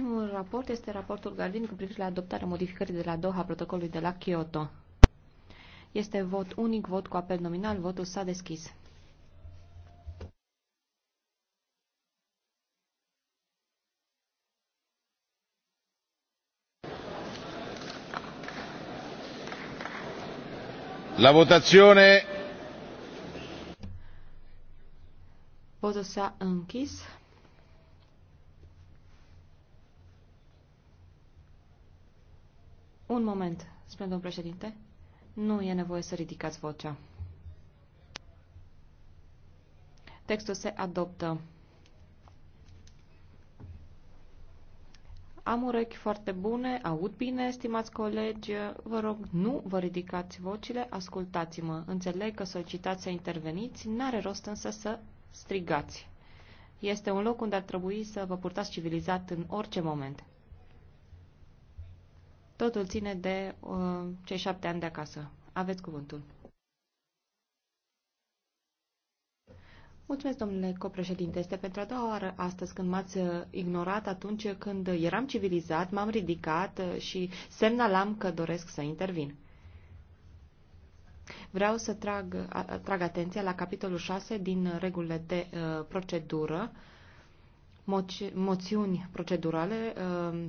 Primul raport este raportul Gardin cu privire la adoptarea modificării de la Doha protocolului de la Kyoto. Este vot unic, vot cu apel nominal, votul s-a deschis. La votazione. Votul s-a închis. Un moment, spune domnul președinte. Nu e nevoie să ridicați vocea. Textul se adoptă. Am urechi foarte bune, aud bine, stimați colegi, vă rog, nu vă ridicați vocile, ascultați-mă. Înțeleg că solicitați să interveniți, n-are rost însă să strigați. Este un loc unde ar trebui să vă purtați civilizat în orice moment. Totul ține de uh, cei șapte ani de acasă. Aveți cuvântul. Mulțumesc, domnule copreședinte. Este pentru a doua oară astăzi când m-ați uh, ignorat atunci când eram civilizat, m-am ridicat uh, și semnalam că doresc să intervin. Vreau să trag, trag atenția la capitolul 6 din regulile de uh, procedură, moci, moțiuni procedurale, uh,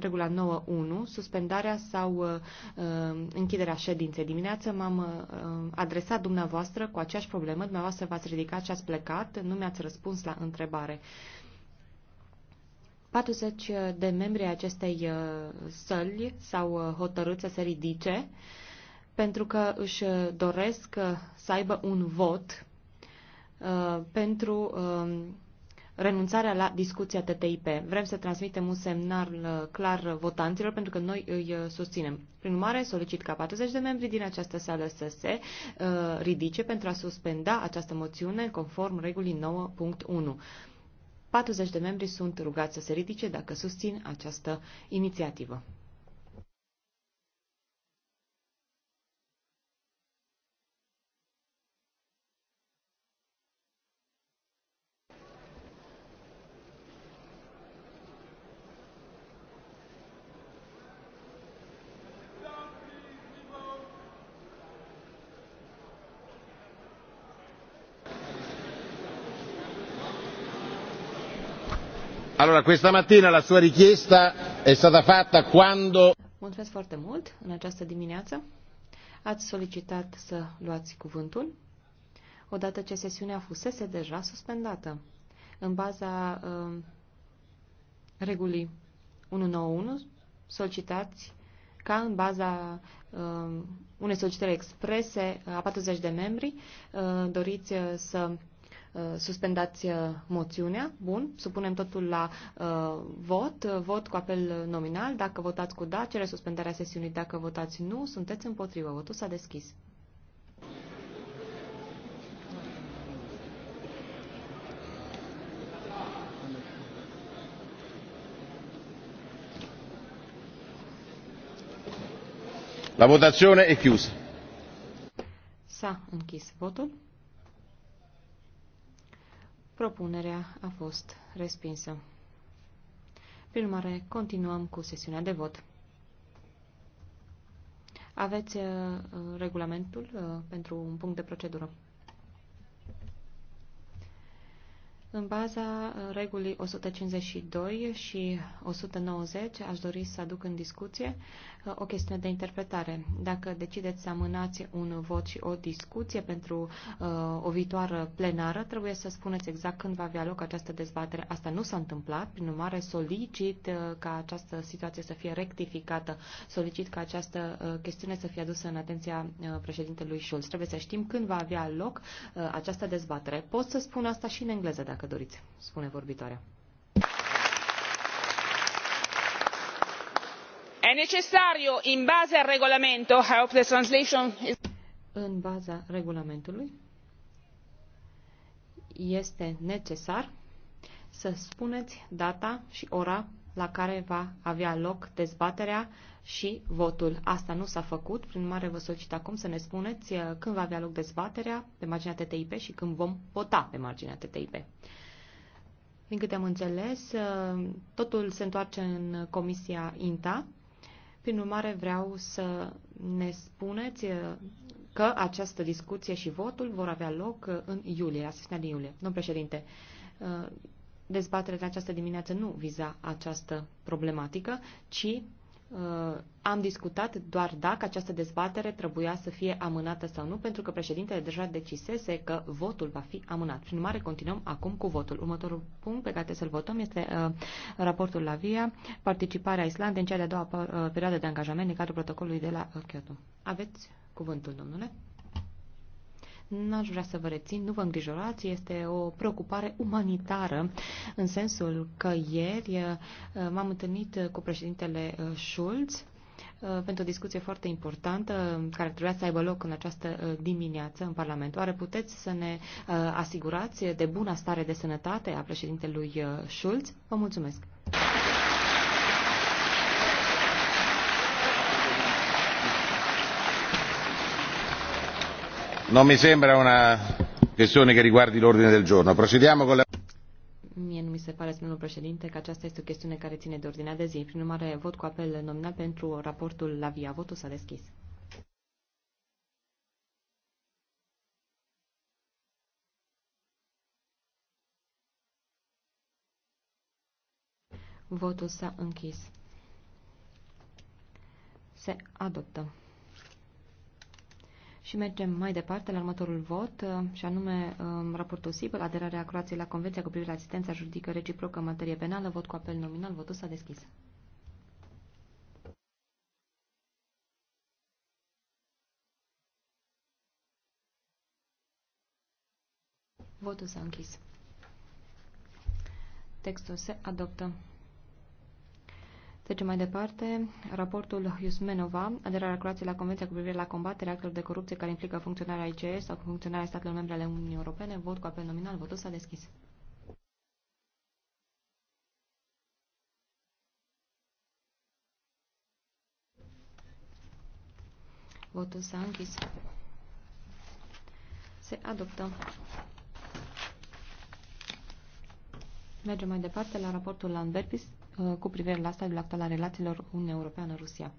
regula 9.1, suspendarea sau uh, uh, închiderea ședinței. Dimineață m-am uh, uh, adresat dumneavoastră cu aceeași problemă, dumneavoastră v-ați ridicat și ați plecat, nu mi-ați răspuns la întrebare. 40 de membri ai acestei uh, săli s-au uh, hotărât să se ridice pentru că își doresc uh, să aibă un vot uh, pentru uh, renunțarea la discuția TTIP. Vrem să transmitem un semnal uh, clar votanților pentru că noi îi uh, susținem. Prin urmare, solicit ca 40 de membri din această sală să se uh, ridice pentru a suspenda această moțiune conform regulii 9.1. 40 de membri sunt rugați să se ridice dacă susțin această inițiativă. Allora, questa mattina la sua richiesta è stata fatta quando... Mulțumesc foarte mult în această dimineață. Ați solicitat să luați cuvântul odată ce sesiunea fusese deja suspendată. În baza uh, regulii 191 solicitați ca în baza uh, unei solicitări exprese a 40 de membri uh, doriți uh, să Uh, suspendați uh, moțiunea. Bun, supunem totul la uh, vot, uh, vot cu apel nominal. Dacă votați cu da, cere suspendarea sesiunii. Dacă votați nu, sunteți împotrivă. Votul s-a deschis. La votazione è chiusa. Sa, un închis votul. Propunerea a fost respinsă. Prin urmare, continuăm cu sesiunea de vot. Aveți uh, regulamentul uh, pentru un punct de procedură. În baza uh, regulii 152 și 190 aș dori să aduc în discuție uh, o chestiune de interpretare. Dacă decideți să amânați un vot și o discuție pentru uh, o viitoare plenară, trebuie să spuneți exact când va avea loc această dezbatere. Asta nu s-a întâmplat, prin urmare solicit uh, ca această situație să fie rectificată, solicit ca această uh, chestiune să fie adusă în atenția uh, președintelui Schulz. Trebuie să știm când va avea loc uh, această dezbatere. Pot să spun asta și în engleză dacă dacă doriți, spune vorbitoarea. È necessario, in base al regolamento, I hope the translation is... În baza regulamentului este necesar să spuneți data și ora la care va avea loc dezbaterea și votul. Asta nu s-a făcut, prin mare vă solicit acum să ne spuneți uh, când va avea loc dezbaterea pe marginea TTIP și când vom vota pe marginea TTIP. Din câte am înțeles, uh, totul se întoarce în Comisia INTA. Prin urmare, vreau să ne spuneți uh, că această discuție și votul vor avea loc în iulie, la din iulie. Domnul președinte, dezbaterea de această dimineață nu viza această problematică, ci uh, am discutat doar dacă această dezbatere trebuia să fie amânată sau nu, pentru că președintele deja decisese că votul va fi amânat. Prin urmare, continuăm acum cu votul. Următorul punct pe care să-l votăm este uh, raportul la VIA, participarea Islandei în cea de-a doua uh, perioadă de angajament în cadrul protocolului de la uh, Kyoto. Aveți cuvântul, domnule. N-aș vrea să vă rețin, nu vă îngrijorați, este o preocupare umanitară, în sensul că ieri uh, m-am întâlnit cu președintele uh, Schulz, uh, pentru o discuție foarte importantă care trebuia să aibă loc în această dimineață în Parlament. Oare puteți să ne asigurați de buna stare de sănătate a președintelui Schulz? Vă mulțumesc! non mi sembra una chestiune che riguardi l'ordine del giorno. Procediamo con la... Mie nu mi se pare, domnul președinte, că aceasta este o chestiune care ține de ordinea de zi. Prin urmare, vot cu apel nominal pentru raportul la via. Votul s-a deschis. Votul s-a închis. Se adoptă. Și mergem mai departe la următorul vot, uh, și anume um, raportul SIPL, aderarea Croației la Convenția cu privire la asistența juridică reciprocă în materie penală, vot cu apel nominal, votul s-a deschis. Votul s-a închis. Textul se adoptă. Trecem mai departe. Raportul Iusmenova, aderarea Croației la Convenția cu privire la combaterea actelor de corupție care implică funcționarea ICS sau funcționarea statelor membre ale Uniunii Europene. Vot cu apel nominal. Votul s-a deschis. Votul s-a închis. Se adoptă. Mergem mai departe la raportul Landberpis. Uh, cu privire la stadiul actual al relațiilor Uniunea Europeană-Rusia.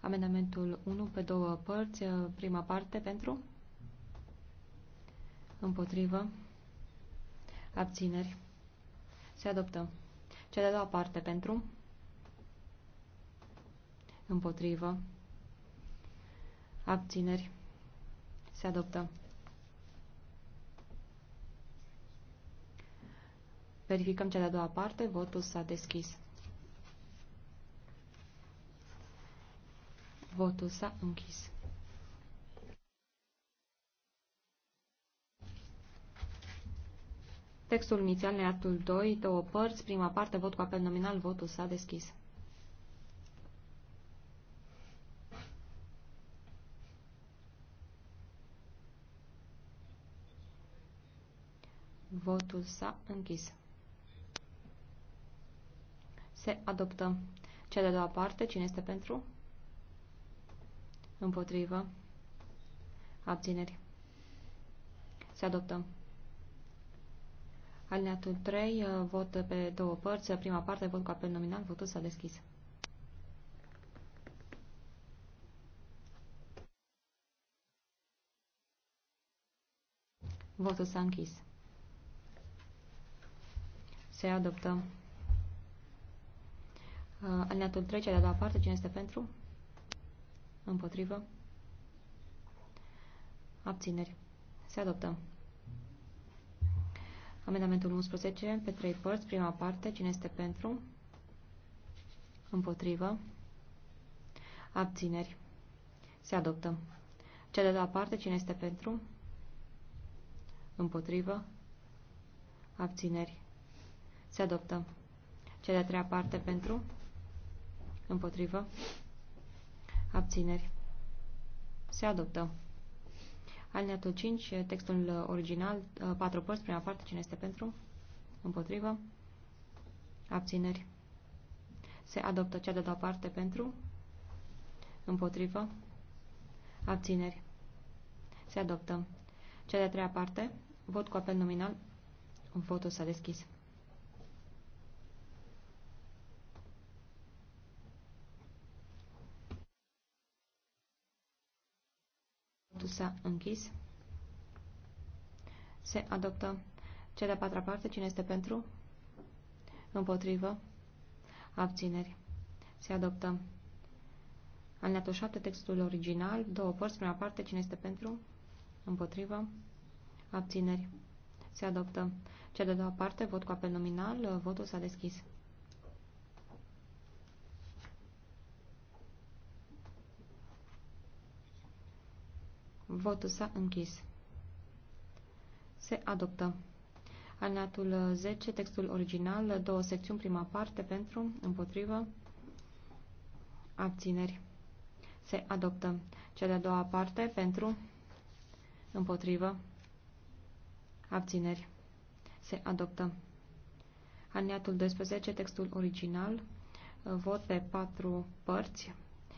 Amendamentul 1 pe două părți, uh, prima parte pentru, împotrivă, abțineri, se adoptă. Cea de-a doua parte pentru, împotrivă, abțineri, se adoptă. Verificăm cea de-a doua parte. Votul s-a deschis. Votul s-a închis. Textul inițial, neatul 2, două părți, prima parte, vot cu apel nominal, votul s-a deschis. Votul s-a închis se adoptă. Cea de-a doua parte, cine este pentru? Împotrivă. Abțineri. Se adoptă. Alineatul 3, uh, vot pe două părți. Prima parte, vot cu apel nominal, votul s-a deschis. Votul s-a închis. Se adoptă. Uh, Alineatul 3, trece de-a doua parte, cine este pentru? Împotrivă. Abțineri. Se adoptă. Amendamentul 11, pe trei părți, prima parte, cine este pentru? Împotrivă. Abțineri. Se adoptă. Cea de-a doua parte, cine este pentru? Împotrivă. Abțineri. Se adoptă. Cea de-a treia parte pentru? Împotrivă. Abțineri. Se adoptă. Alineatul 5, textul original, uh, patru părți, prima parte, cine este pentru? Împotrivă. Abțineri. Se adoptă cea de doua parte pentru? Împotrivă. Abțineri. Se adoptă. Cea de-a treia parte, vot cu apel nominal, votul s-a deschis. Votul s-a închis. Se adoptă cea de-a patra parte. Cine este pentru? Împotrivă. Abțineri. Se adoptă. Alineatul 7, textul original, două părți, prima parte, cine este pentru? Împotrivă. Abțineri. Se adoptă. Cea de-a doua parte, vot cu apel nominal, votul s-a deschis. Votul s-a închis. Se adoptă. Alineatul 10, textul original, două secțiuni, prima parte, pentru, împotrivă, abțineri. Se adoptă. Cea de-a doua parte, pentru, împotrivă, abțineri. Se adoptă. Alineatul 12, textul original, vot pe patru părți.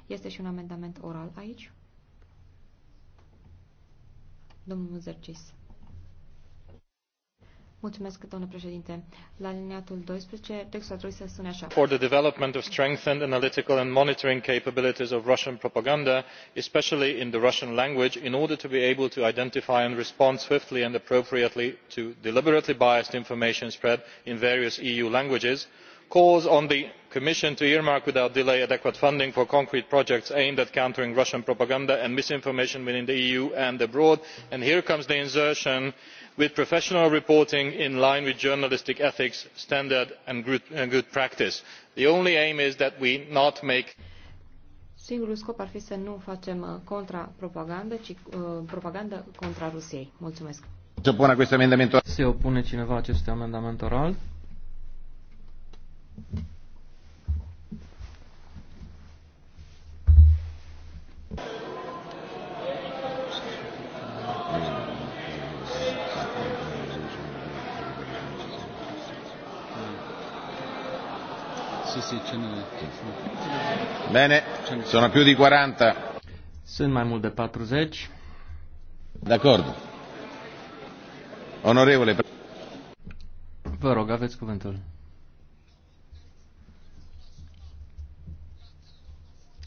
Este și un amendament oral aici. Domnul Muzărcis. Mulțumesc, domnule președinte. La liniatul 12, textul trebuie trebui să sune așa. For the development of strengthened analytical and monitoring capabilities of Russian propaganda, especially in the Russian language, in order to be able to identify and respond swiftly and appropriately to deliberately biased information spread in various EU languages, calls on the commission to earmark without delay adequate funding for concrete projects aimed at countering russian propaganda and misinformation within the eu and abroad and here comes the insertion with professional reporting in line with journalistic ethics standards and good practice. the only aim is that we do not make. singurul scop ar fi să nu facem uh, contrapropagandă ci uh, propagandă contra rusiei. mulțumesc. se opune cineva acestui amendament oral? Bine, sono più di 40. Sunt mai mult de 40. D'accordo. Onorevole. Vă rog, aveți cuvântul.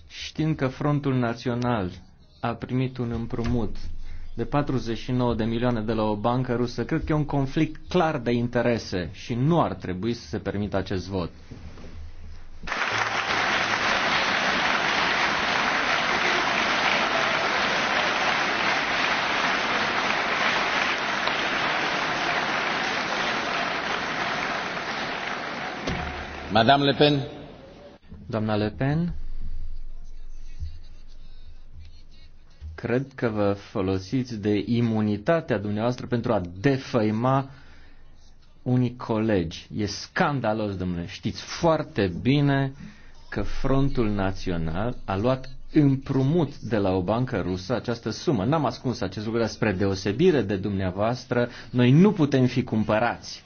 Știind că Frontul Național a primit un împrumut de 49 de milioane de la o bancă rusă, cred că e un conflict clar de interese și nu ar trebui să se permită acest vot. Madame Le Pen. Doamna Le Pen, cred că vă folosiți de imunitatea dumneavoastră pentru a defăima unii colegi. E scandalos, domnule. Știți foarte bine că Frontul Național a luat împrumut de la o bancă rusă această sumă. N-am ascuns acest lucru, spre deosebire de dumneavoastră, noi nu putem fi cumpărați.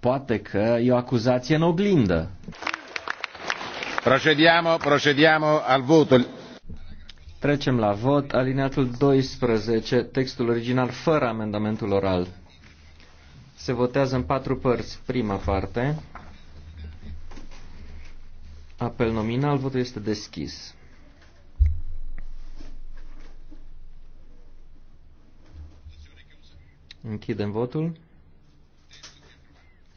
Poate că e o acuzație în oglindă. Procediamo, procediamo al votul. Trecem la vot. Alineatul 12, textul original fără amendamentul oral. Se votează în patru părți. Prima parte. Apel nominal, votul este deschis. Închidem votul.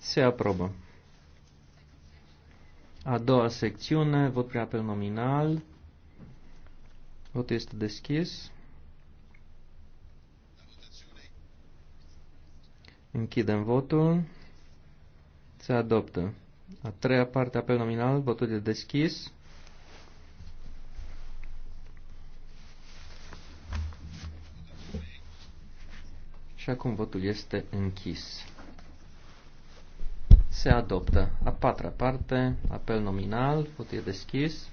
Se aprobă. A doua secțiune, vot pe apel nominal. Votul este deschis. Închidem votul. Se adoptă. A treia parte, apel nominal, votul este deschis. Și acum votul este închis se adoptă. A patra parte, apel nominal, vot e deschis.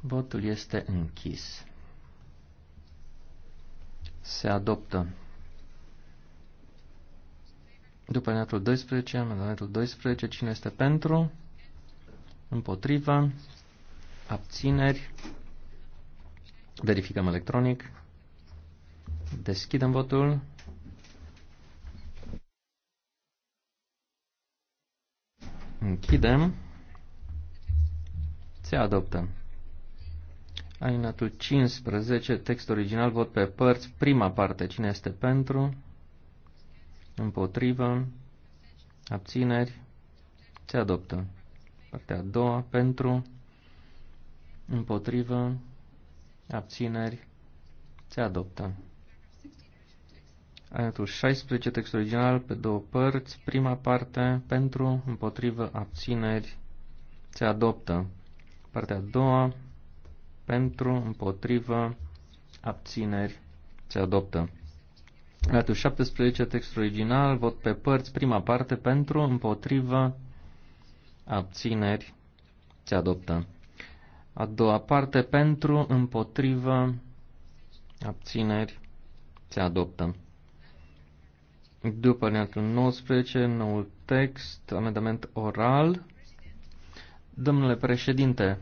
Votul este închis. Se adoptă. După alineatul 12, amendamentul 12, cine este pentru? Împotriva? Abțineri? Verificăm electronic. Deschidem votul. Închidem. Se adoptă. Alinatul 15, text original, vot pe părți, prima parte, cine este pentru, împotrivă, abțineri, se adoptă. Partea a doua, pentru, împotrivă, abțineri, se adoptă. Aiatul 16, text original, pe două părți. Prima parte, pentru, împotrivă, abțineri, se adoptă. Partea a doua, pentru, împotrivă, abțineri, se adoptă. Aiatul 17, text original, vot pe părți, prima parte, pentru, împotrivă, abțineri, se adoptă. A doua parte, pentru, împotrivă, abțineri, se adoptă. După neatul 19, noul text, amendament oral. Domnule președinte,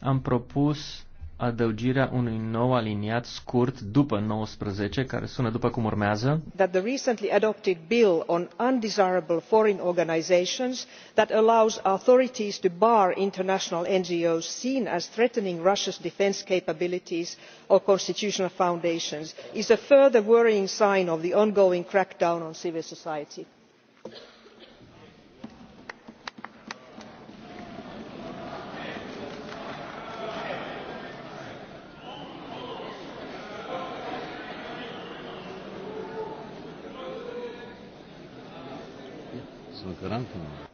am propus adăugirea unui nou aliniat scurt după 19, care sună după cum urmează. That the recently adopted bill on undesirable foreign organizations that allows authorities to bar international NGOs seen as threatening Russia's defense capabilities or constitutional foundations is a further worrying sign of the ongoing crackdown on civil society. Franco.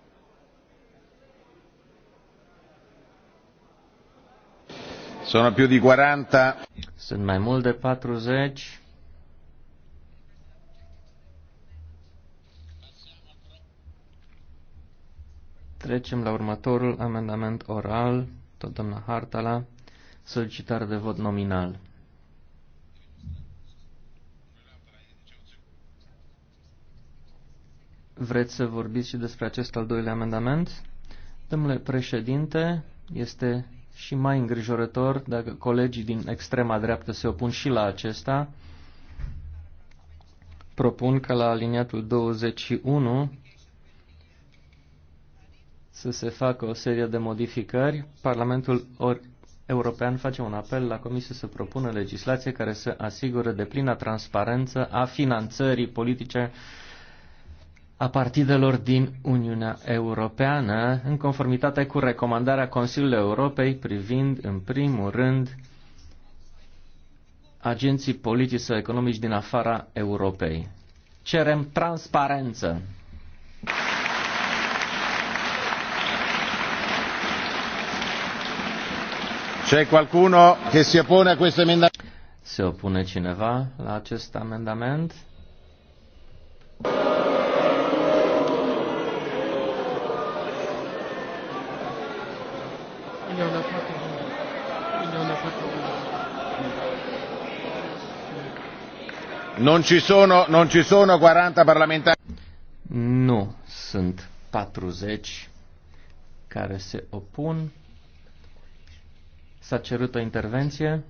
Sono più di 40. Sunt mai mult de 40. Trecem la următorul amendament oral, tot doamna Hartala, solicitare de vot nominal. Vreți să vorbiți și despre acest al doilea amendament? Domnule președinte, este și mai îngrijorător dacă colegii din extrema dreaptă se opun și la acesta. Propun că la aliniatul 21 să se facă o serie de modificări. Parlamentul or European face un apel la Comisie să propună legislație care să asigure de plină transparență a finanțării politice uh, a partidelor din Uniunea Europeană, în conformitate cu recomandarea Consiliului Europei privind, în primul rând, agenții politici sau economici din afara Europei. Cerem transparență. C'è qualcuno che si oppone a questo emendamento? Se opune cineva la acest amendament? Il n'y en a pas pour Il n'y en a pas pour Non ci sono, non ci sono 40 parlamentari. Nu sunt 40 care se opun. S-a cerut o intervenție.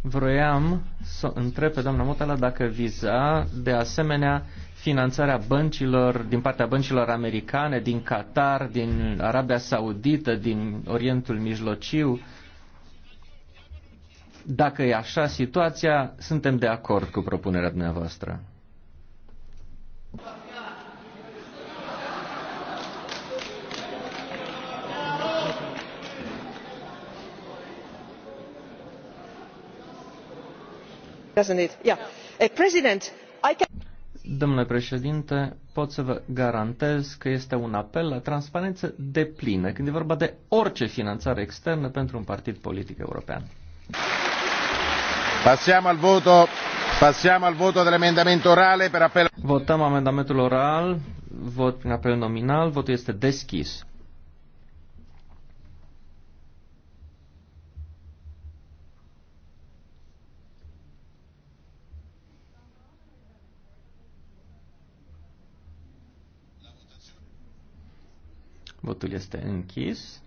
Vroiam să întreb pe doamna Motala dacă viza de asemenea finanțarea băncilor din partea băncilor americane, din Qatar, din Arabia Saudită, din Orientul Mijlociu. Dacă e așa situația, suntem de acord cu propunerea dumneavoastră. doesn't it? Yeah. Uh, President, I can... Domnule președinte, pot să vă garantez că este un apel la transparență de plină când e vorba de orice finanțare externă pentru un partid politic european. Passiamo al voto, passiamo al voto dell'emendamento orale per appello. Votăm amendamentul oral, vot prin apel nominal, votul este deschis. Votul este închis.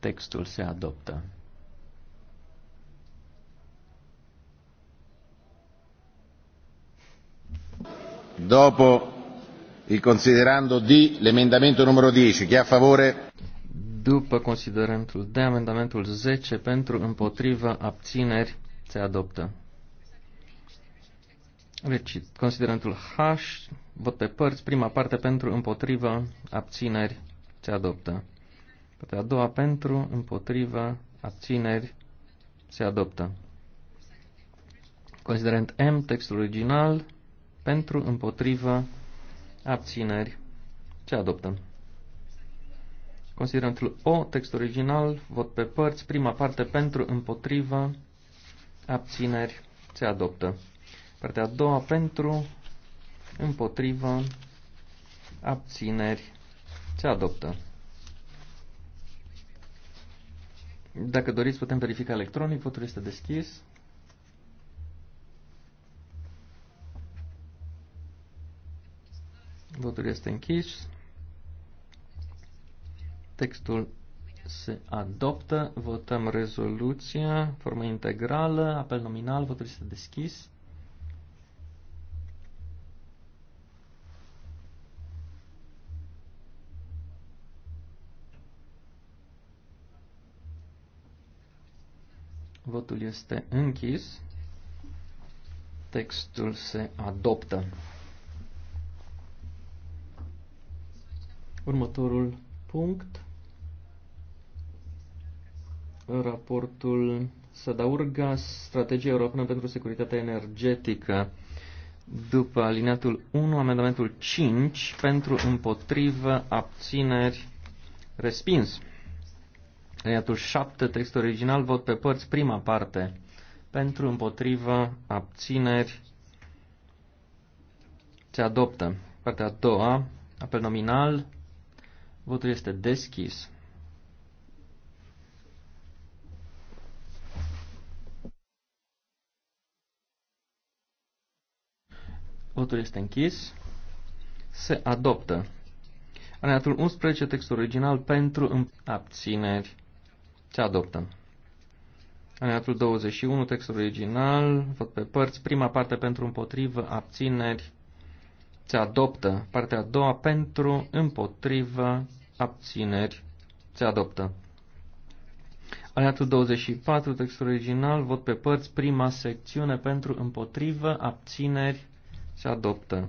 Textul se adoptă. Dopo il considerando di l'emendamento numero 10, chi è a favore? După considerentul de amendamentul 10 pentru împotriva abțineri se adoptă. Recit. Considerentul H, Vot pe părți, prima parte pentru, împotrivă, abțineri, se adoptă. Partea a doua pentru, împotrivă, abțineri, se adoptă. Considerent M, textul original, pentru, împotrivă, abțineri, se adoptă. Considerentul O, textul original, vot pe părți, prima parte pentru, împotrivă, abțineri, se adoptă. Partea a doua pentru, împotrivă, abțineri, se adoptă. Dacă doriți, putem verifica electronic, votul este deschis. Votul este închis. Textul se adoptă. Votăm rezoluția, formă integrală, apel nominal, votul este deschis. Votul este închis. Textul se adoptă. Următorul punct. Raportul Sadaurgas, Strategia Europeană pentru Securitatea Energetică. După alineatul 1, amendamentul 5, pentru împotrivă, abțineri, respins. Aliatul 7, text original, vot pe părți, prima parte. Pentru, împotrivă, abțineri, se adoptă. Partea a doua, apel nominal, votul este deschis. Votul este închis. Se adoptă. Aliatul 11, text original, pentru abțineri se adoptă. Alineatul 21, text original, vot pe părți, prima parte pentru împotrivă, abțineri, se adoptă. Partea a doua pentru împotrivă, abțineri, se adoptă. Alineatul 24, text original, vot pe părți, prima secțiune pentru împotrivă, abțineri, se adoptă.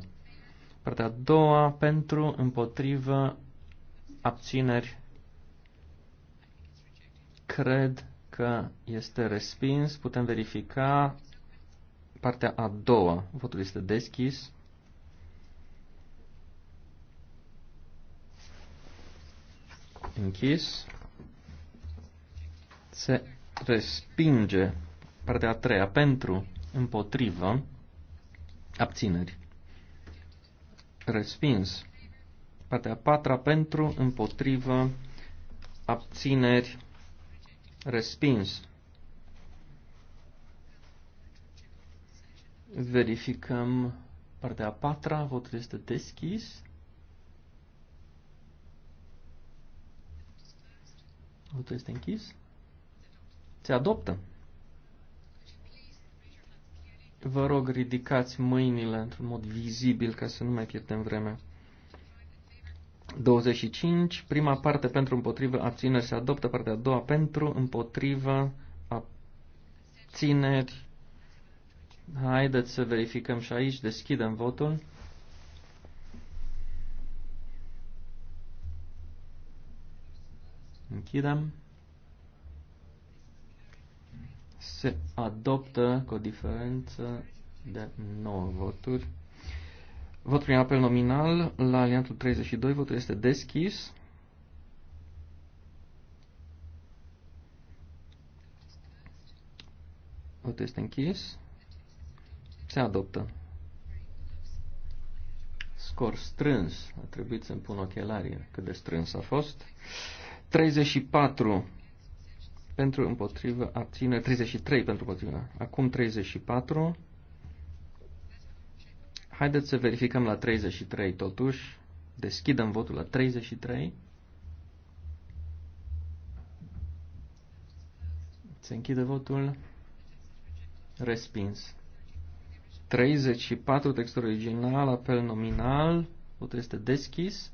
Partea a doua pentru împotrivă, abțineri, Cred că este respins. Putem verifica partea a doua. Votul este deschis. Închis. Se respinge partea a treia pentru, împotrivă, abțineri. Respins. Partea a patra pentru, împotrivă, abțineri Respins. Verificăm partea a patra, votul este deschis. Votul este închis. Se adoptă. Vă rog, ridicați mâinile într-un mod vizibil ca să nu mai pierdem vremea. 25, prima parte pentru împotrivă, abțineri se adoptă, partea a doua pentru împotrivă, abțineri. Haideți să verificăm și aici, deschidem votul. Închidem. Se adoptă cu o diferență de 9 voturi. Vot prin apel nominal la aliantul 32. Votul este deschis. Votul este închis. Se adoptă. Scor strâns. A trebuit să-mi pun ochelarii cât de strâns a fost. 34 pentru împotrivă, abține 33 pentru împotrivă. Acum 34. Haideți să verificăm la 33 totuși. Deschidem votul la 33. Se închide votul. Respins. 34, text original, apel nominal. Votul este deschis.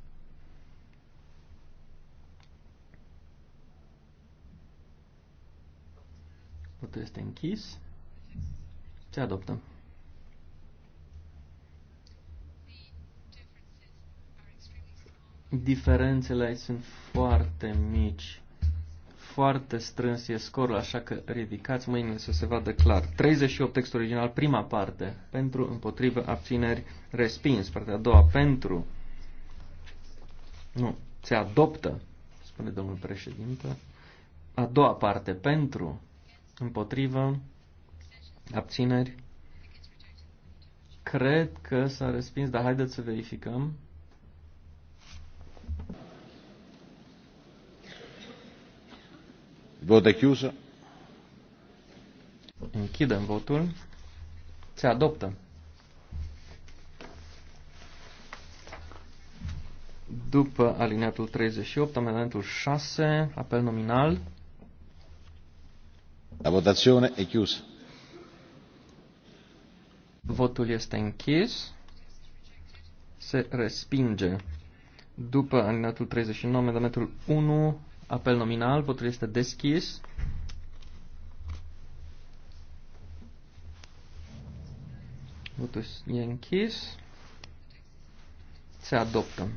Votul este închis. Se adoptă. diferențele aici sunt foarte mici. Foarte strâns e scorul, așa că ridicați mâinile să se vadă clar. 38 text original, prima parte. Pentru, împotrivă, abțineri, respins. Partea a doua, pentru. Nu, se adoptă, spune domnul președinte. A doua parte, pentru, împotrivă, abțineri. Cred că s-a respins, dar haideți să verificăm. Vot e Închidem votul. Se adoptă. După alineatul 38, amendamentul 6, apel nominal. La votazione e chiusa. Votul este închis. Se respinge. După alineatul 39, amendamentul 1, Apel nominal, votul este deschis. Votul e închis. Se adoptă.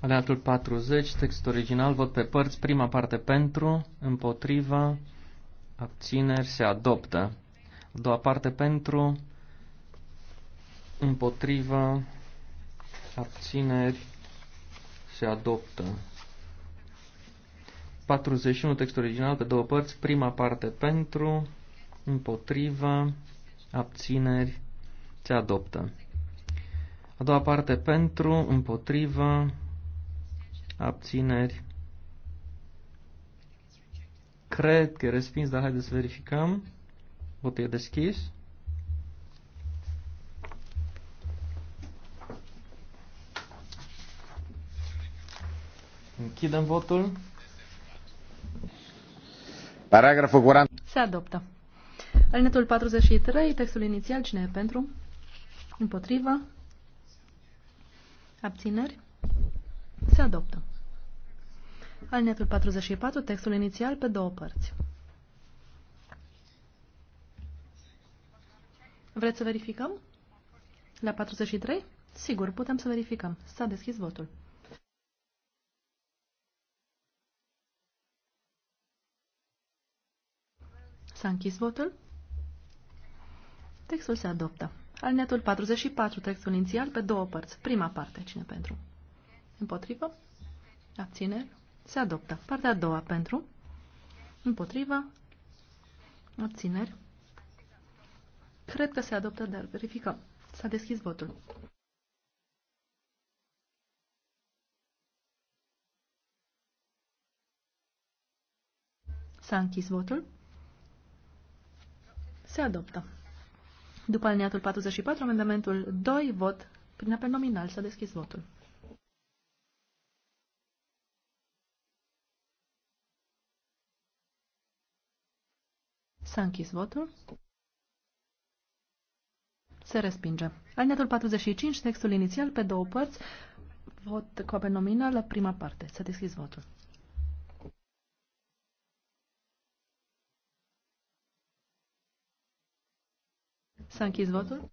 Aleatul 40, text original, vot pe părți, prima parte pentru, împotriva, abțineri, se adoptă. A doua parte pentru, împotriva, abțineri, se adoptă. 41, text original, pe două părți, prima parte pentru, împotriva, abțineri, se adoptă. A doua parte pentru, împotriva, abțineri. Cred că e respins, dar haideți să verificăm. Votul e deschis. Închidem votul. Paragraful 40. Se adoptă. Alinetul 43, textul inițial, cine e pentru? Împotrivă? Abțineri? Se adoptă. Alinetul 44, textul inițial, pe două părți. Vreți să verificăm? La 43? Sigur, putem să verificăm. S-a deschis votul. S-a închis votul? Textul se adoptă. Alineatul 44, textul inițial, pe două părți. Prima parte, cine pentru? Împotrivă? Abțineri? Se adoptă. Partea a doua, pentru? Împotrivă? Abțineri? Cred că se adoptă, dar verificăm. S-a deschis votul. S-a închis votul. Se adoptă. După aliniatul 44, amendamentul 2, vot prin apel nominal. S-a deschis votul. S-a închis votul. Se respinge. Alineatul 45, textul inițial pe două părți, vot cu apel nominal la prima parte. S-a deschis votul. S-a închis votul.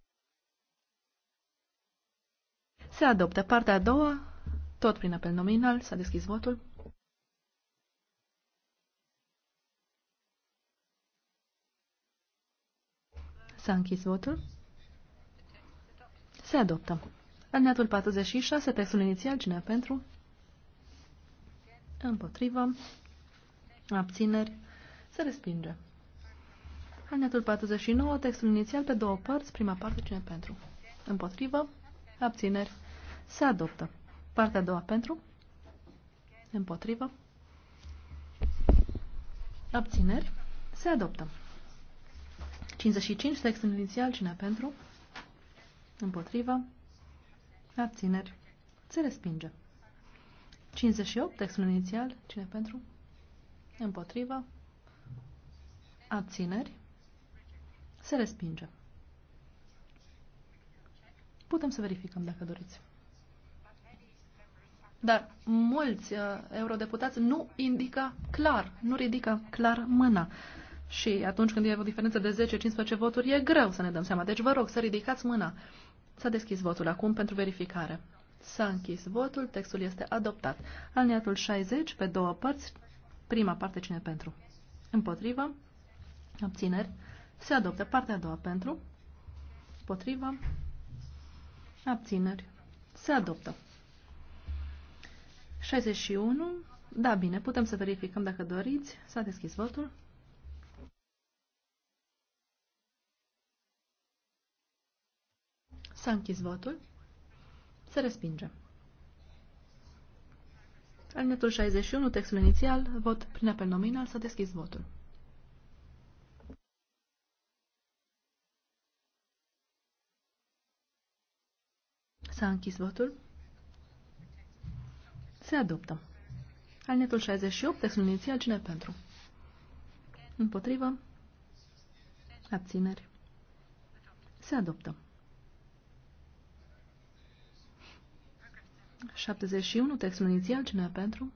Se adoptă. Partea a doua, tot prin apel nominal, s-a deschis votul. S-a închis votul. Se adoptă. Alineatul 46, textul inițial, cine pentru? Împotrivă. Abțineri. Se respinge. Alineatul 49, textul inițial pe două părți, prima parte cine pentru? Împotrivă, abțineri, se adoptă. Partea a doua pentru, împotrivă, abțineri, se adoptă. 55, textul inițial cine pentru? Împotrivă, abțineri, se respinge. 58, textul inițial cine pentru? Împotrivă, abțineri, se respinge. Putem să verificăm dacă doriți. Dar mulți uh, eurodeputați nu indică clar, nu ridică clar mâna. Și atunci când e o diferență de 10-15 voturi, e greu să ne dăm seama. Deci vă rog să ridicați mâna. S-a deschis votul acum pentru verificare. S-a închis votul, textul este adoptat. Alineatul 60, pe două părți, prima parte cine pentru? Împotrivă, abțineri, se adoptă. Partea a doua pentru. Potriva. Abțineri. Se adoptă. 61. Da, bine, putem să verificăm dacă doriți. S-a deschis votul. S-a închis votul. Se respinge. Alinetul 61, textul inițial, vot prin apel nominal, s-a deschis votul. S-a închis votul. Se adoptă. Alinetul 68, textul inițial, cine pentru? Împotrivă. Abțineri. Se adoptă. 71, textul inițial, cine pentru?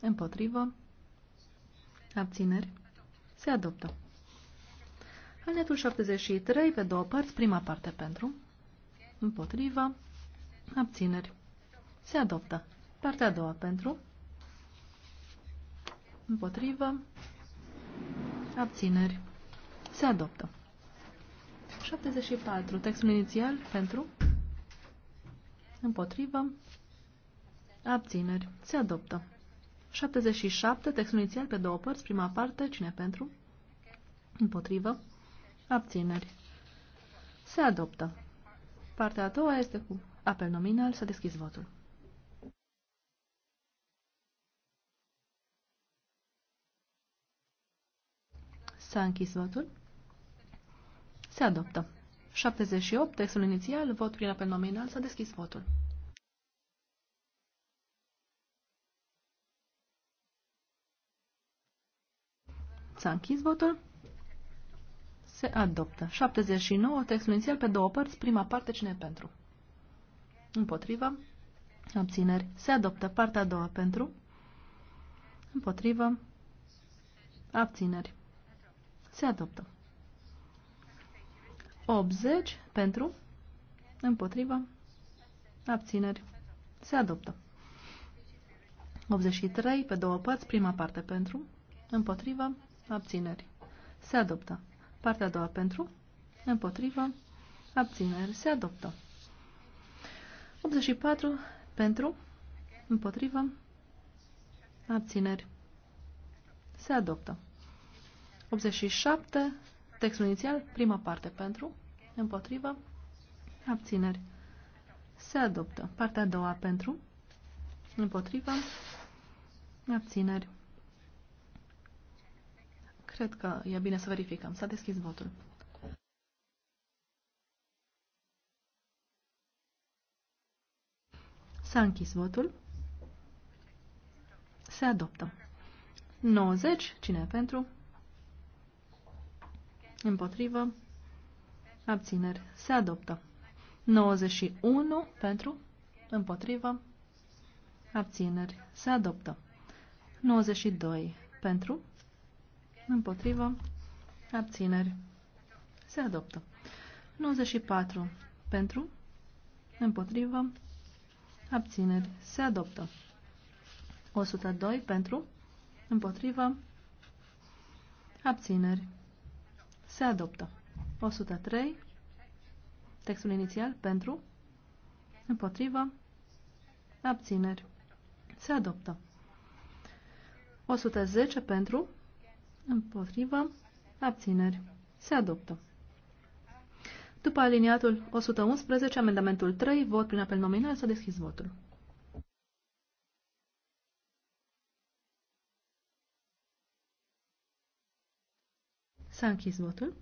Împotrivă. Abțineri. Se adoptă. Alinetul 73, pe două părți, prima parte pentru. Împotriva. Abțineri. Se adoptă. Partea a doua pentru. Împotrivă. Abțineri. Se adoptă. 74. Textul inițial pentru. Împotrivă. Abțineri. Se adoptă. 77. Textul inițial pe două părți. Prima parte. Cine pentru? Împotrivă. Abțineri. Se adoptă. Partea a doua este cu apel nominal. Să deschizi votul. S-a închis votul. Se adoptă. 78, textul inițial, vot prin apel nominal, s-a deschis votul. S-a închis votul se adoptă. 79, textul inițial pe două părți, prima parte, cine e pentru? Împotrivă, abțineri, se adoptă. Partea a doua pentru, împotrivă, abțineri, se adoptă. 80 pentru, împotrivă, abțineri, se adoptă. 83 pe două părți, prima parte pentru, împotrivă, abțineri, se adoptă. Partea a doua pentru, împotrivă, abțineri, se adoptă. 84 pentru, împotrivă, abțineri, se adoptă. 87, textul inițial, prima parte pentru, împotrivă, abțineri, se adoptă. Partea a doua pentru, împotrivă, abțineri, Cred că e bine să verificăm. S-a deschis votul. S-a închis votul. Se adoptă. 90. Cine e pentru? Împotrivă. Abțineri. Se adoptă. 91 pentru. Împotrivă. Abțineri. Se adoptă. 92 pentru împotrivă, abțineri, se adoptă. 94 pentru, împotrivă, abțineri, se adoptă. 102 pentru, împotrivă, abțineri, se adoptă. 103, textul inițial, pentru, împotrivă, abțineri, se adoptă. 110 pentru, Împotrivă. Abțineri. Se adoptă. După aliniatul 111, amendamentul 3, vot prin apel nominal, s-a deschis votul. S-a închis votul.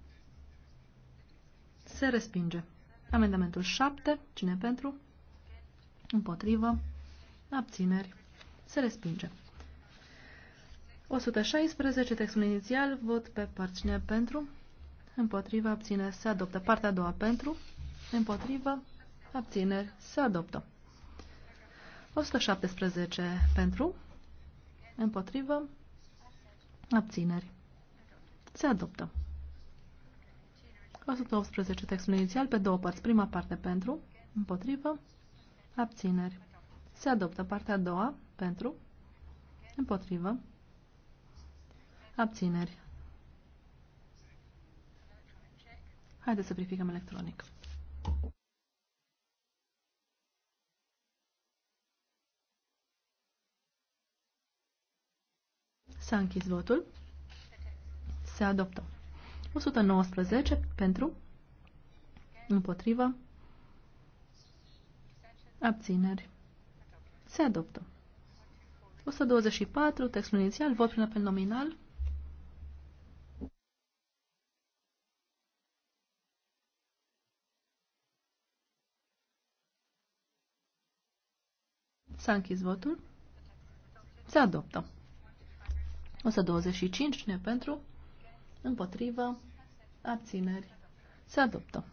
Se respinge. Amendamentul 7. Cine pentru? Împotrivă. Abțineri. Se respinge. 116, textul inițial, vot pe parține pentru, împotriva, abține, se adoptă. Partea a doua pentru, împotrivă, abțineri, se adoptă. 117 pentru, împotrivă, abțineri, se adoptă. 118 textul inițial pe două părți. Prima parte pentru, împotrivă, abțineri. Se adoptă partea a doua pentru, împotrivă, Abțineri. Haideți să verificăm electronic. S-a închis votul. Se adoptă. 119 pentru, împotrivă, abțineri. Se adoptă. 124, textul inițial, vot prin apel nominal. S-a închis votul. Se adoptă. 125 cine pentru, împotrivă, abțineri. Se adoptă.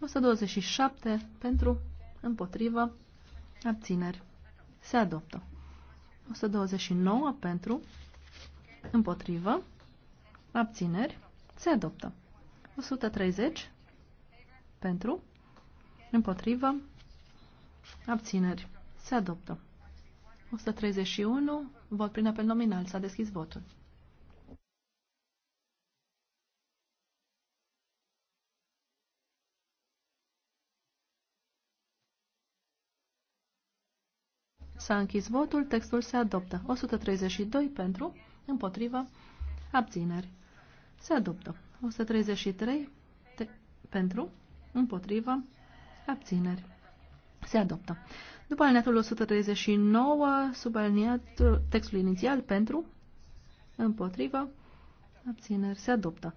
127 pentru, împotrivă, abțineri. Se adoptă. 129 pentru, împotrivă, abțineri. Se adoptă. 130 pentru, împotrivă, abțineri. Se adoptă. 131. Vot prin apel nominal. S-a deschis votul. S-a închis votul, textul se adoptă. 132 pentru, împotrivă, abțineri. Se adoptă. 133 pentru, împotrivă, abțineri. Se adoptă. După alineatul 139, sub alineatul textul inițial pentru, împotrivă, abțineri, se adoptă.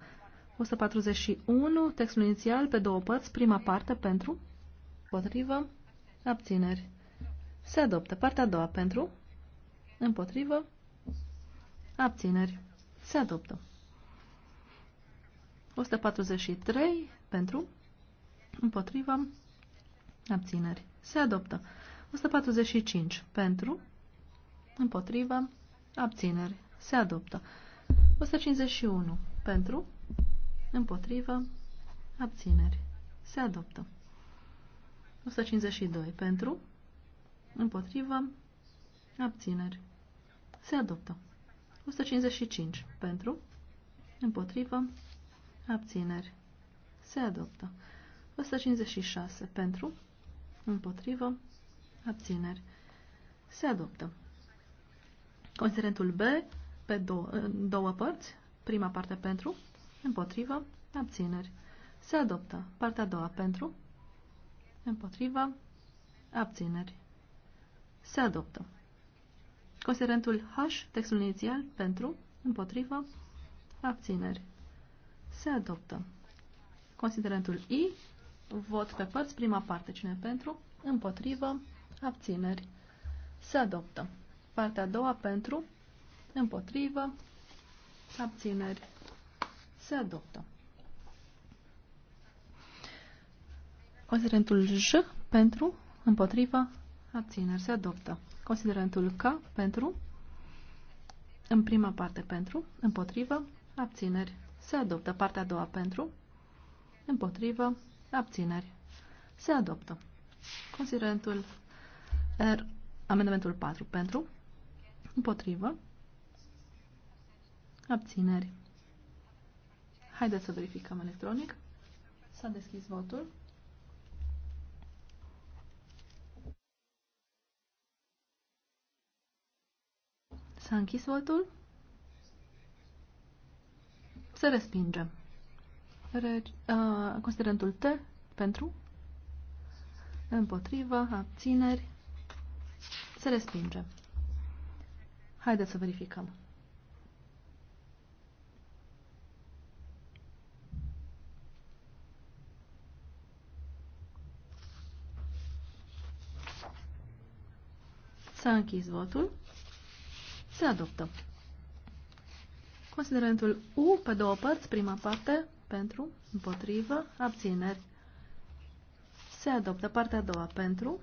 141, textul inițial pe două părți, prima parte pentru, împotrivă, abțineri, se adoptă. Partea a doua pentru, împotrivă, abțineri, se adoptă. 143 pentru, împotrivă, abțineri, se adoptă. 145 pentru, împotrivă, abțineri, se adoptă. 151 pentru, împotrivă, abțineri, se adoptă. 152 pentru, împotrivă, abțineri, se adoptă. 155 pentru, împotrivă, abțineri, se adoptă. 156 pentru, împotrivă, abțineri, se adoptă. Considerentul B, pe două, în două părți, prima parte pentru, împotrivă, abțineri, se adoptă. Partea a doua pentru, împotrivă, abțineri, se adoptă. Considerentul H, textul inițial, pentru, împotrivă, abțineri, se adoptă. Considerentul I, vot pe părți, prima parte, cine pentru, împotrivă, abțineri, se adoptă. Partea a doua pentru, împotrivă, abțineri, se adoptă. Considerentul J pentru, împotrivă, abțineri, se adoptă. Considerentul K pentru, în prima parte pentru, împotrivă, abțineri, se adoptă. Partea a doua pentru, împotrivă, abțineri, se adoptă. Considerentul Er, amendamentul 4 pentru, împotrivă, abțineri. Haideți să verificăm electronic. S-a deschis votul. S-a închis votul. Se respinge. Re uh, considerentul T pentru, împotrivă, abțineri, se respinge. Haideți să verificăm. S-a închis votul. Se adoptă. Considerentul U pe două părți, prima parte, pentru, împotrivă, abțineri. Se adoptă partea a doua, pentru,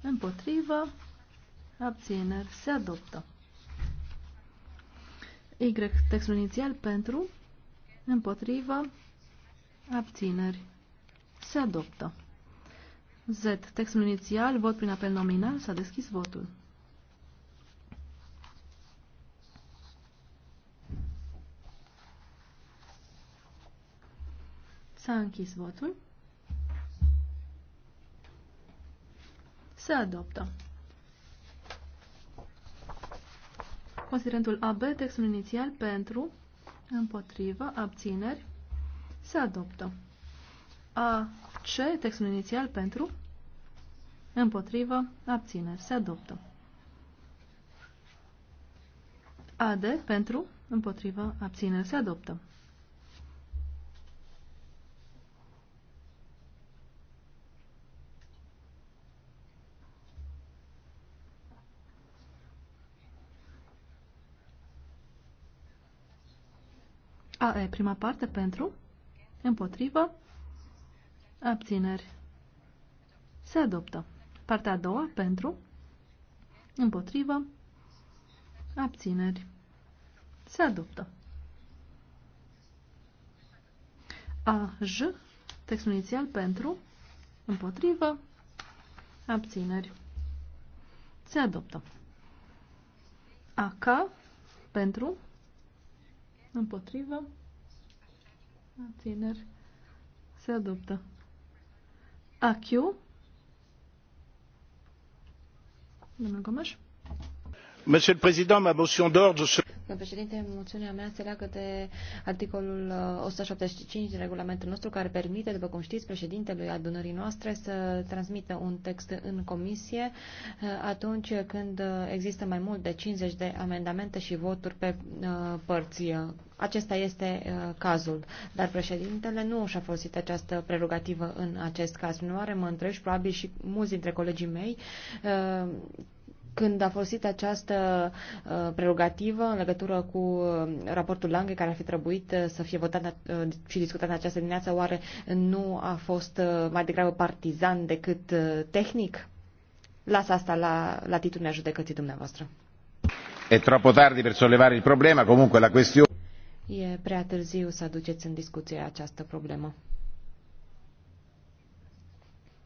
Împotrivă. Abțineri. Se adoptă. Y. Textul inițial pentru. Împotrivă. Abțineri. Se adoptă. Z. Textul inițial. Vot prin apel nominal. S-a deschis votul. S-a închis votul. Se adoptă. Considerentul AB, textul inițial pentru, împotrivă, abțineri, se adoptă. AC, textul inițial pentru, împotrivă, abțineri, se adoptă. AD, pentru, împotrivă, abțineri, se adoptă. a e prima parte, pentru, împotrivă, abțineri. Se adoptă. Partea a doua, pentru, împotrivă, abțineri. Se adoptă. a j textul inițial, pentru, împotrivă, abțineri. Se adoptă. a k pentru, împotrivă, abțineri, se adoptă. AQ, domnul Gomes. Monsieur le Président, ma motion d'ordre se... Domnul președinte, moțiunea mea se leagă de articolul 175 uh, din regulamentul nostru, care permite, după cum știți, președintelui adunării noastre să transmită un text în comisie uh, atunci când uh, există mai mult de 50 de amendamente și voturi pe părți. Acesta este cazul, dar președintele nu și-a folosit această prerogativă în acest caz. Nu are mă întreb probabil și mulți dintre colegii mei, când a folosit această uh, prerogativă în legătură cu uh, raportul Lange care ar fi trebuit uh, să fie votat și discutat în această dimineață, oare nu a fost mai degrabă partizan decât tehnic? Las asta la latitudinea judecății dumneavoastră. E troppo tardi per sollevare il problema, comunque la questione... E prea târziu să aduceți în discuție această problemă.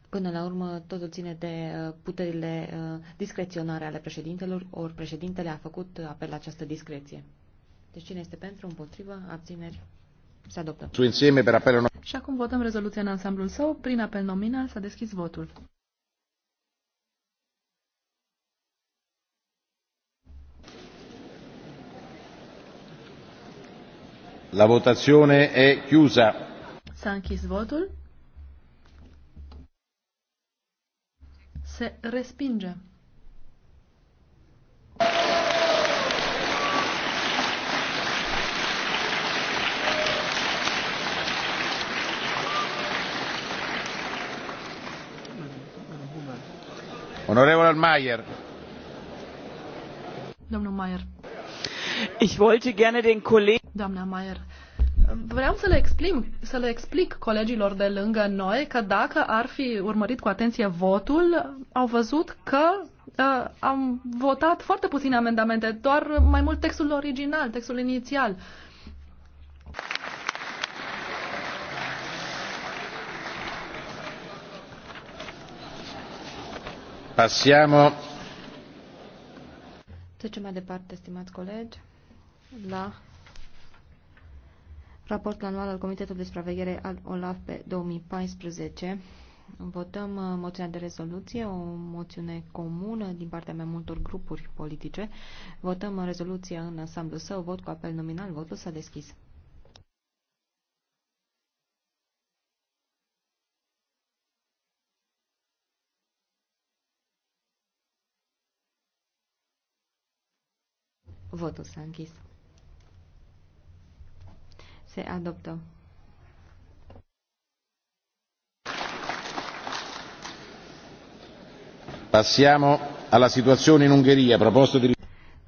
Până la urmă, totul ține de uh, puterile uh, discreționare ale președintelor, ori președintele a făcut apel la această discreție. Deci cine este pentru, împotrivă, abțineri, se adoptă. Și acum votăm rezoluția în ansamblul său. Prin apel nominal s-a deschis votul. La votazione è chiusa. S-a închis votul. Se respinge. Onorevole Mayer. Domnul Mayer. Ich wollte gerne den Kollegen. Domnul Mayer, Vreau să le, explic, să le explic colegilor de lângă noi că dacă ar fi urmărit cu atenție votul, au văzut că uh, am votat foarte puține amendamente, doar mai mult textul original, textul inițial. Passiamo. Trecem mai departe, stimați colegi, la Raport anual al Comitetului de Supraveghere al OLAF pe 2014. Votăm uh, moțiunea de rezoluție, o moțiune comună din partea mai multor grupuri politice. Votăm uh, rezoluția în ansamblu său, vot cu apel nominal, votul s-a deschis. Votul s-a închis. Se adoptă. Passiamo alla situazione in Ungheria, proposto di...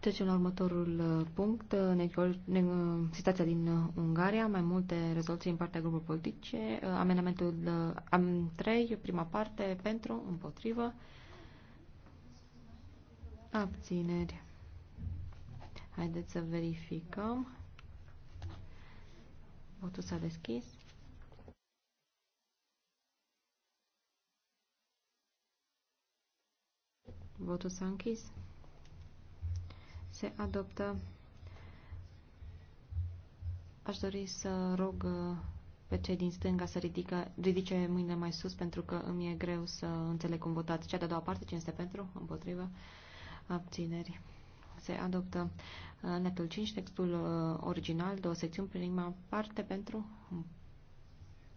Trecem la următorul uh, punct, uh, uh, situația din Ungaria, mai multe rezoluții în partea grupului politice, amendamentul am 3, prima parte, pentru, împotrivă, abțineri. Haideți să verificăm. Votul s-a deschis. Votul s-a închis. Se adoptă. Aș dori să rog uh, pe cei din stânga să ridică, ridice mâinile mai sus pentru că îmi e greu să înțeleg cum votați. Cea de-a doua parte, cine este pentru? Împotrivă? Abțineri se adoptă uh, netul 5, textul uh, original, două secțiuni, prima parte pentru,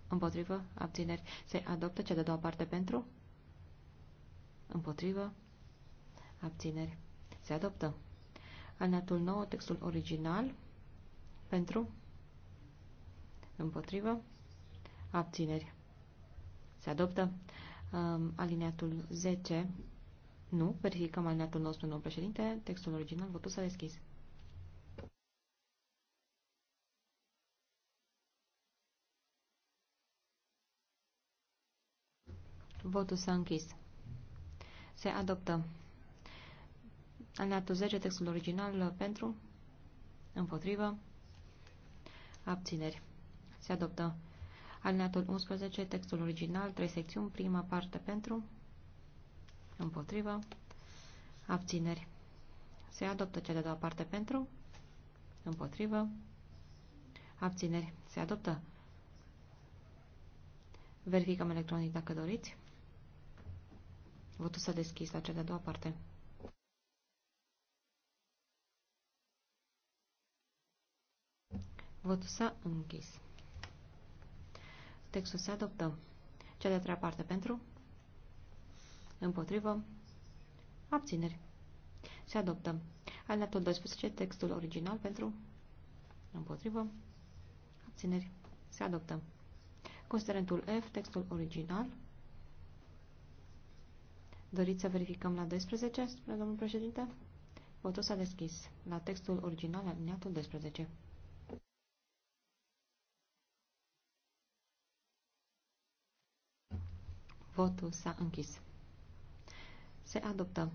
împotrivă, abțineri, se adoptă cea de doua parte pentru, împotrivă, abțineri, se adoptă. Alineatul 9, textul original, pentru, împotrivă, abțineri, se adoptă. Um, Alineatul 10, nu. Verificăm alineatul nostru domnul președinte. Textul original. Votul s-a deschis. Votul s-a închis. Se adoptă. Alineatul 10, textul original pentru, împotrivă, abțineri. Se adoptă. Alineatul 11, textul original, trei secțiuni, prima parte pentru, Împotrivă. Abțineri. Se adoptă cea de-a doua parte pentru. Împotrivă. Abțineri. Se adoptă. Verificăm electronic dacă doriți. Votul s-a deschis la cea de-a doua parte. Votul s-a închis. Textul se adoptă. Cea de-a treia parte pentru. Împotrivă. Abțineri. Se adoptă. Alineatul 12, textul original pentru. Împotrivă. Abțineri. Se adoptă. Considerentul F, textul original. Doriți să verificăm la 12, spune domnul președinte? Votul s-a deschis la textul original aliniatul 12. Votul s-a închis. Se adoptă.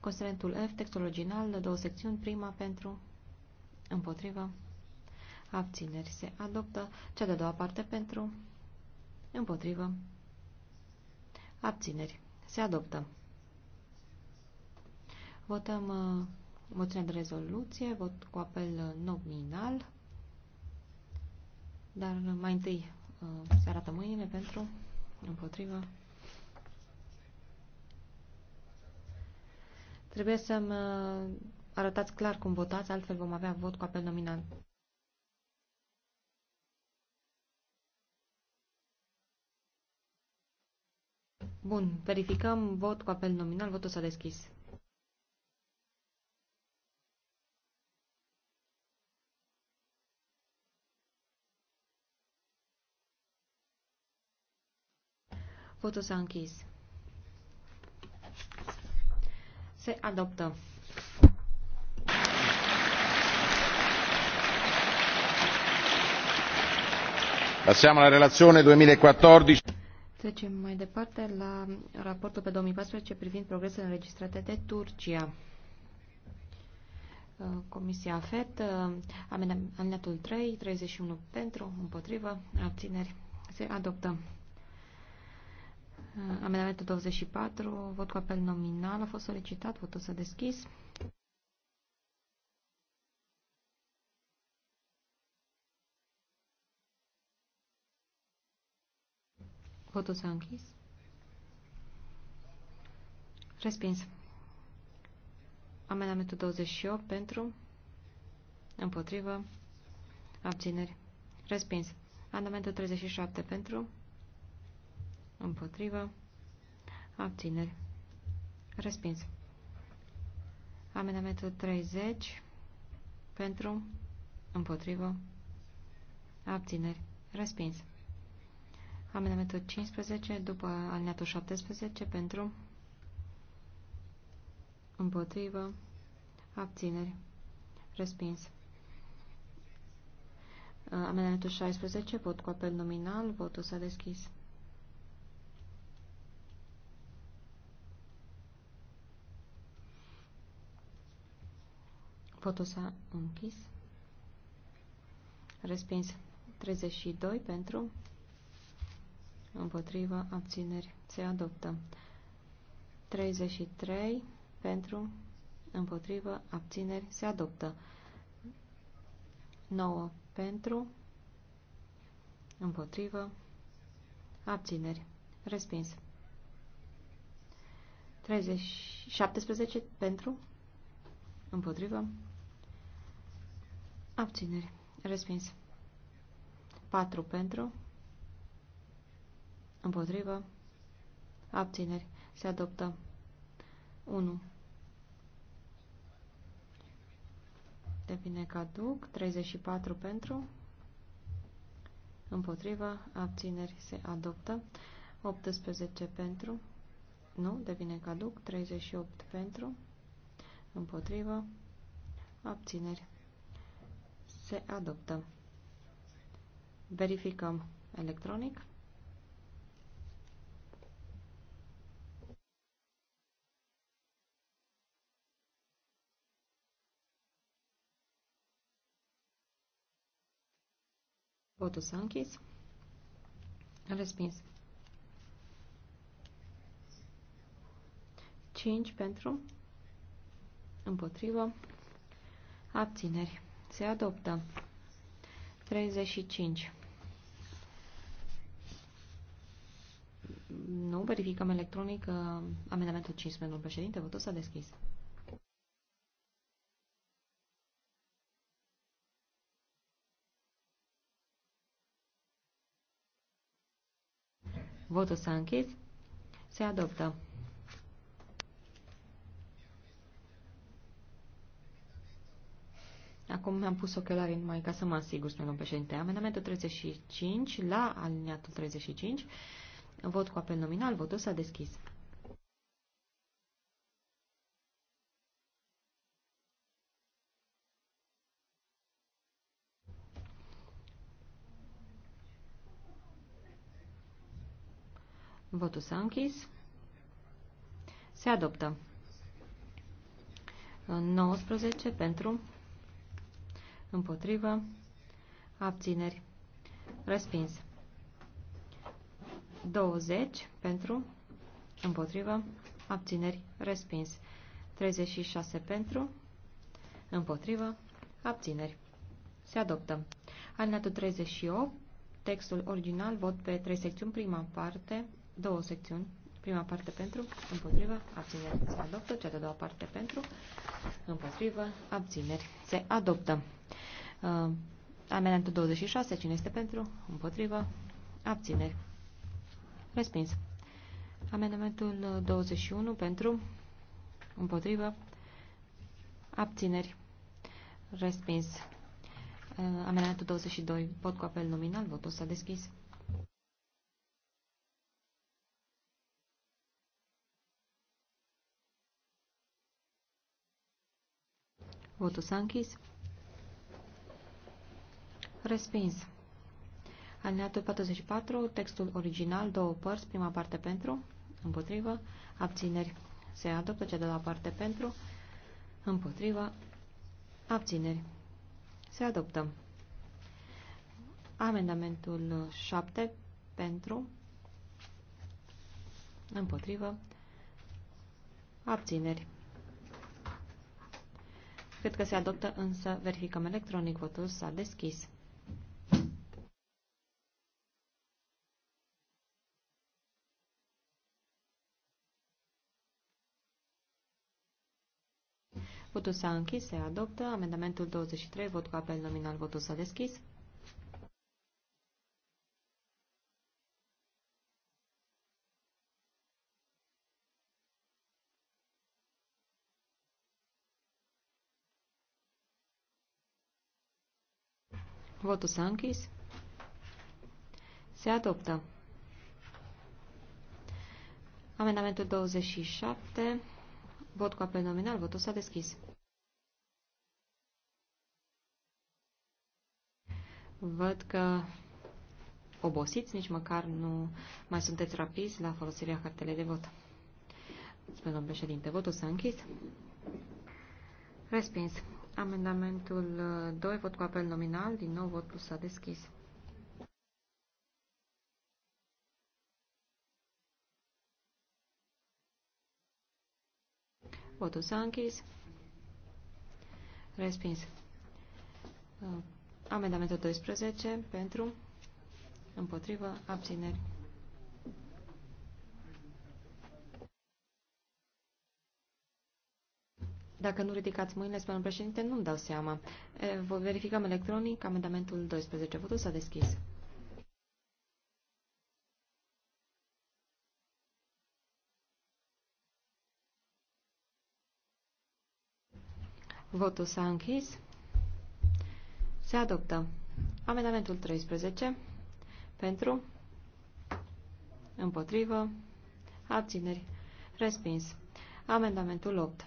Considerentul F, textul original, două secțiuni, prima pentru, împotrivă, abțineri. Se adoptă cea de-a doua parte pentru, împotrivă, abțineri. Se adoptă. Votăm uh, moțiunea de rezoluție, vot cu apel nominal, dar mai întâi uh, se arată mâinile pentru, împotrivă, Trebuie să-mi uh, arătați clar cum votați, altfel vom avea vot cu apel nominal. Bun, verificăm vot cu apel nominal, votul s-a deschis. Votul s-a închis. Se adoptă. Passiamo alla relazione 2014. Trecem mai departe la raportul pe 2014 privind progresele înregistrate de Turcia. Uh, Comisia FET, amendatul 3, 31 pentru, împotrivă, abțineri, se adoptă. Uh, amendamentul 24, vot cu apel nominal a fost solicitat, votul s-a deschis. Votul s-a închis. Respins. Amendamentul 28 pentru, împotrivă, abțineri. Respins. Amendamentul 37 pentru, Împotrivă. Abțineri. Respins. Amendamentul 30. Pentru. Împotrivă. Abțineri. Respins. Amendamentul 15 după alineatul 17 pentru împotrivă abțineri. Respins. Amendamentul 16, vot cu apel nominal, votul s-a deschis. Votul s-a închis. Respins 32 pentru. Împotriva abțineri se adoptă. 33 pentru. Împotriva abțineri se adoptă. 9 pentru. Împotrivă. Abțineri. Respins. 30, 17 pentru. Împotrivă. Abțineri. Respins. 4 pentru. Împotrivă. Abțineri. Se adoptă. 1. Devine caduc. 34 pentru. Împotrivă. Abțineri. Se adoptă. 18 pentru. Nu. Devine caduc. 38 pentru. Împotrivă. Abțineri se adoptă. Verificăm electronic. Votul s-a închis. Respins. 5 pentru, împotrivă, abțineri. Se adoptă. 35. Nu, verificăm electronic uh, amendamentul 15, domnul președinte, votul s-a deschis. Votul s-a închis. Se adoptă. Acum mi-am pus ochelarii numai ca să mă asigur, spune domnul președinte. Amendamentul 35 la aliniatul 35. Vot cu apel nominal. Votul s-a deschis. Votul s-a închis. Se adoptă. 19 pentru Împotrivă. Abțineri. Respins. 20 pentru. Împotrivă. Abțineri. Respins. 36 pentru. Împotrivă. Abțineri. Se adoptă. Alineatul 38. Textul original. Vot pe trei secțiuni. Prima parte. Două secțiuni. Prima parte pentru, împotrivă, abțineri se adoptă, cea de-a doua parte pentru, împotrivă, abțineri se adoptă. Uh, amendamentul 26, cine este pentru? Împotrivă. Abțineri. Respins. Amendamentul 21 pentru, împotrivă, abțineri, respins. Uh, amendamentul 22, pot cu apel nominal, votul s-a deschis. Votul s-a închis. Respins. Alineatul 44, textul original, două părți, prima parte pentru, împotrivă, abțineri. Se adoptă cea de la parte pentru, împotrivă, abțineri. Se adoptă. Amendamentul 7 pentru, împotrivă, abțineri. Cred că se adoptă, însă verificăm electronic votul s-a deschis. Votul s-a închis, se adoptă. Amendamentul 23, vot cu apel nominal, votul s-a deschis. Votul s-a închis. Se adoptă. Amendamentul 27. Vot cu apel nominal. Votul s-a deschis. Văd că obosiți, nici măcar nu mai sunteți rapizi la folosirea cartelei de vot. Spune domnul președinte, votul s-a închis. Respins. Amendamentul 2, vot cu apel nominal, din nou votul s-a deschis. Votul s-a închis. Respins. Uh, amendamentul 12 pentru, împotrivă, abțineri. Dacă nu ridicați mâinile, spune președinte, nu-mi dau seama. Uh, verificăm electronic amendamentul 12. Votul s-a deschis. Votul s-a închis. Se adoptă. Amendamentul 13. Pentru. Împotrivă. Abțineri. Respins. Amendamentul 8.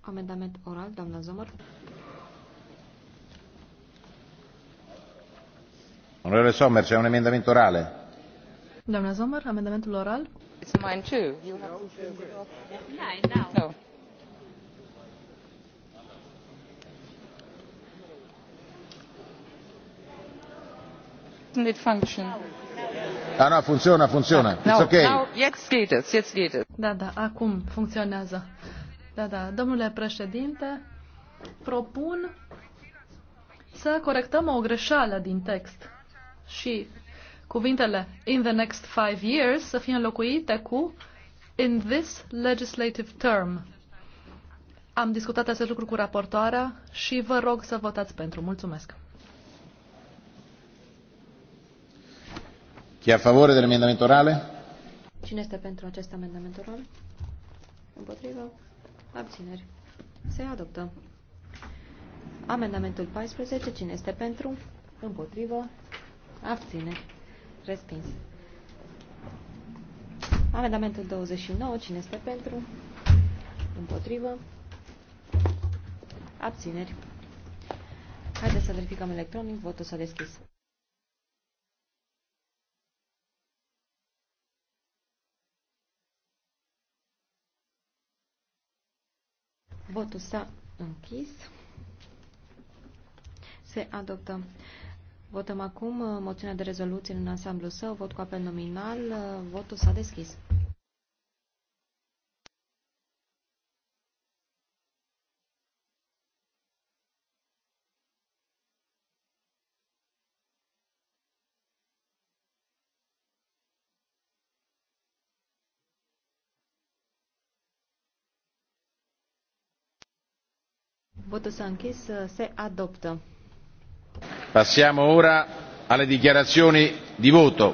Amendament oral, doamna Zomăr. Onorele Sommer, c'è un amendament orale. Doamna Zomăr, amendamentul oral? It's mine too. You have Nine now. No. Doesn't it function? Da, ah, da, funcționa, funcționa. It's okay. Now, jetzt geht es, jetzt geht es. Da, da, acum funcționează. Da, da. Domnule președinte, propun să corectăm o greșeală din text și cuvintele in the next five years să fie înlocuite cu in this legislative term. Am discutat acest lucru cu raportoarea și vă rog să votați pentru. Mulțumesc. Chi a favore dell'emendamento orale? Cine este pentru acest amendament oral? Împotrivă? Abțineri. Se adoptă. Amendamentul 14. Cine este pentru? Împotrivă? Abțineri. Respins. Amendamentul 29. Cine este pentru? Împotrivă. Abțineri. Haideți să verificăm electronic. Votul s-a deschis. Votul s-a închis. Se adoptă Votăm acum uh, moțiunea de rezoluție în ansamblu său, vot cu apel nominal, uh, votul s-a deschis. Votul s-a închis, uh, se adoptă passiamo ora alle dichiarazioni di voto.